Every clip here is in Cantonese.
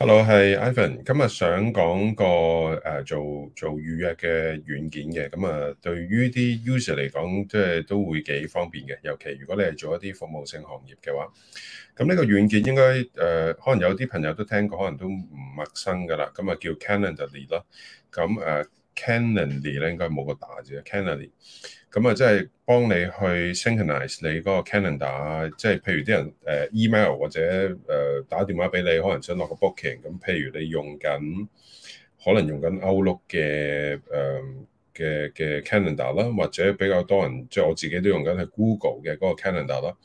Hello，係 Ivan，今日想講個誒做做預約嘅軟件嘅，咁啊對於啲 user 嚟講，即係都會幾方便嘅，尤其如果你係做一啲服務性行業嘅話，咁呢個軟件應該誒、呃、可能有啲朋友都聽過，可能都唔陌生㗎喇，咁啊叫 Calendly 咯，咁誒。呃 calendar 咧應該冇個打字嘅 calendar，咁啊即係幫你去 synchronize 你嗰個 calendar 啊，即係譬如啲人誒 email 或者誒打電話俾你，可能想落個 booking。咁譬如你用緊可能用緊歐陸嘅誒嘅嘅 calendar 啦，呃、Canada，或者比較多人即係、就是、我自己都用緊係 Google 嘅嗰個 calendar 啦。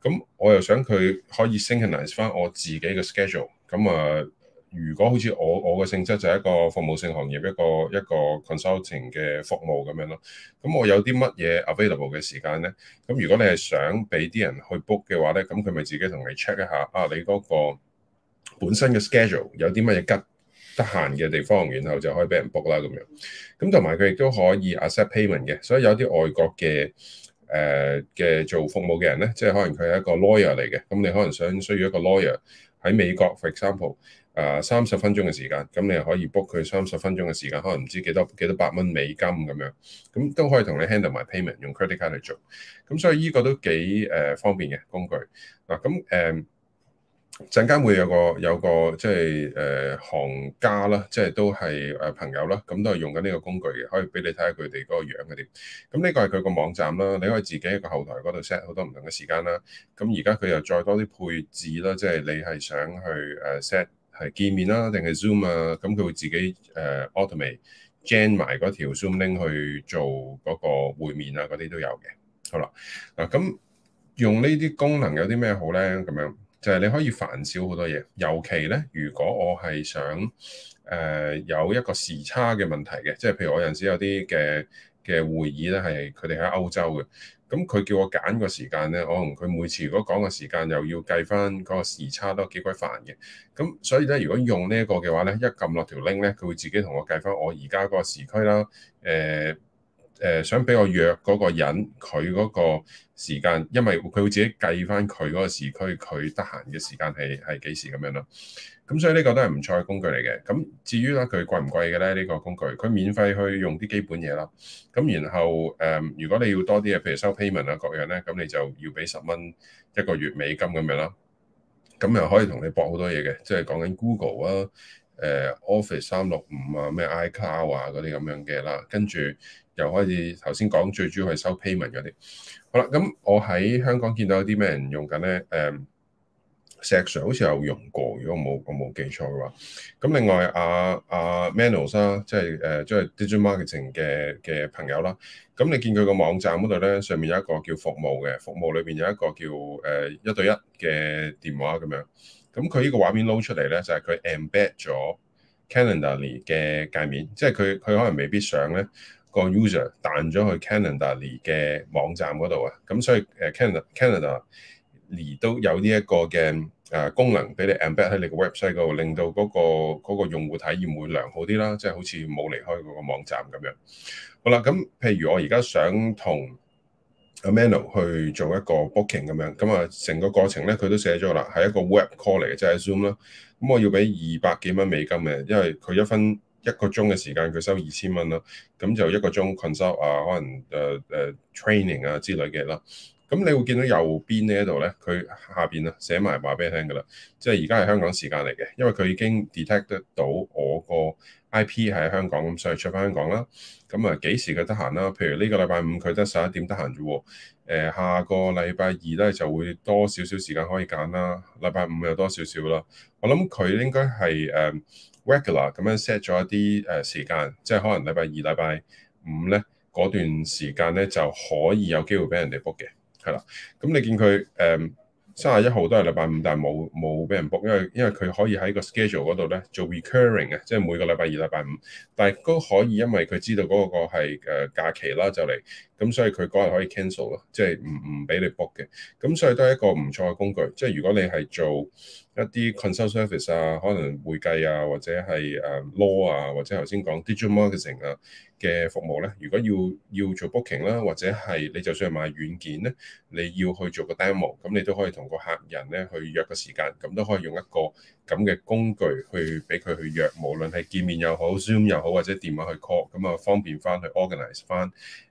咁我又想佢可以 synchronize 翻我自己嘅 schedule。咁啊～如果好似我我嘅性質就係一個服務性行業，一個一個 consulting 嘅服務咁樣咯。咁我有啲乜嘢 available 嘅時間咧？咁如果你係想俾啲人去 book 嘅話咧，咁佢咪自己同你 check 一下啊？你嗰個本身嘅 schedule 有啲乜嘢吉得閒嘅地方，然後就可以俾人 book 啦咁樣。咁同埋佢亦都可以 accept payment 嘅，所以有啲外國嘅誒嘅做服務嘅人咧，即係可能佢係一個 lawyer 嚟嘅。咁你可能想需要一個 lawyer 喺美國，for example。啊，三十分鐘嘅時間，咁你又可以 book 佢三十分鐘嘅時間，可能唔知幾多幾多百蚊美金咁樣，咁都可以同你 handle 埋 payment，用 credit card 嚟做，咁所以呢個都幾誒方便嘅工具。嗱，咁誒陣間會有個有個即係誒行家啦，即係都係誒朋友啦，咁都係用緊呢個工具嘅，可以俾你睇下佢哋嗰個樣嘅點。咁呢個係佢個網站啦，你可以自己喺個後台嗰度 set 好多唔同嘅時間啦。咁而家佢又再多啲配置啦，即係你係想去誒 set。係見面啦，定係 Zoom 啊，咁佢、啊、會自己誒、uh, automate gen 埋嗰條 Zoom link 去做嗰個會面啊，嗰啲都有嘅。好啦，嗱咁用呢啲功能有啲咩好咧？咁樣就係、是、你可以煩少好多嘢，尤其咧，如果我係想誒、uh, 有一個時差嘅問題嘅，即係譬如我有陣時有啲嘅嘅會議咧係佢哋喺歐洲嘅，咁佢叫我揀個時間咧，可能佢每次如果講個時間又要計翻嗰個時差都幾鬼煩嘅，咁所以咧如果用呢一個嘅話咧，一撳落條 link 咧，佢會自己同我計翻我而家個時區啦，誒、呃。誒想俾我約嗰個人，佢嗰個時間，因為佢會自己計翻佢嗰個時區，佢得閒嘅時間係係幾時咁樣咯。咁所以呢個都係唔錯嘅工具嚟嘅。咁至於咧，佢貴唔貴嘅咧？呢個工具，佢免費去用啲基本嘢啦。咁然後誒、呃，如果你要多啲嘅，譬如收 payment 啊各樣咧，咁你就要俾十蚊一個月美金咁樣啦。咁又可以同你博好多嘢嘅，即係講緊 Google 啊。誒 Office 三六五啊，咩 iCloud 啊嗰啲咁樣嘅啦，跟住又開始頭先講最主要係收 payment 嗰啲，好啦，咁我喺香港見到有啲咩人用緊咧？誒、um。石 Sir 好似有用過，如果我冇我冇記錯嘅話，咁另外阿、啊、阿、啊、Manos 啊，即係誒即係 Digital Marketing 嘅嘅朋友啦、啊，咁你見佢個網站嗰度咧，上面有一個叫服務嘅，服務裏邊有一個叫誒一、呃、對一嘅電話咁樣，咁佢呢個畫面撈出嚟咧，就係、是、佢 embed 咗 Calendly 嘅界面，即係佢佢可能未必上咧個 user 彈咗去 Calendly 嘅網站嗰度啊，咁所以誒 Can Canada Canada。而都有呢一個嘅誒功能俾你 embed 喺你個 website 嗰度，令到嗰個用戶體驗會良好啲啦，即係好似冇離開嗰個網站咁樣好。好啦，咁譬如我而家想同 Amanda 去做一個 booking 咁樣，咁啊成個過程咧佢都寫咗啦，係一個 web call 嚟嘅，即係 Zoom 啦。咁我要俾二百幾蚊美金嘅，因為佢一分一個鐘嘅時，時間佢收二千蚊啦，咁就一個鐘 consult 啊，可能誒誒 training 啊之類嘅啦。咁你會見到右邊呢一度咧，佢下邊咧寫埋話俾你聽㗎啦。即係而家係香港時間嚟嘅，因為佢已經 detect 得到我個 IP 喺香港，咁所以出翻香港啦。咁啊幾時佢得閒啦？譬如呢個禮拜五佢得十一點得閒啫喎。誒下個禮拜二咧就會多少少時間可以揀啦。禮拜五又多少少啦。我諗佢應該係誒、uh, regular 咁樣 set 咗一啲誒時間，即係可能禮拜二、禮拜五咧嗰段時間咧就可以有機會俾人哋 book 嘅。係啦，咁你見佢誒三十一號都係禮拜五，但係冇冇俾人 book，因為因為佢可以喺個 schedule 嗰度咧做 recurring 嘅，即係每個禮拜二、禮拜五，但係都可以，因為佢知道嗰個係誒假期啦，就嚟。咁所以佢嗰日可以 cancel 咯，即係唔唔俾你 book 嘅。咁所以都係一個唔錯嘅工具。即係如果你係做一啲 consult service 啊，可能會計啊，或者係誒 law 啊，或者頭先講 digital marketing 啊嘅服務咧，如果要要做 booking 啦，或者係你就算係買軟件咧，你要去做個 demo，咁你都可以同個客人咧去約個時間，咁都可以用一個咁嘅工具去俾佢去約，無論係見面又好，Zoom 又好，或者電話去 call，咁啊方便翻去 organize 翻。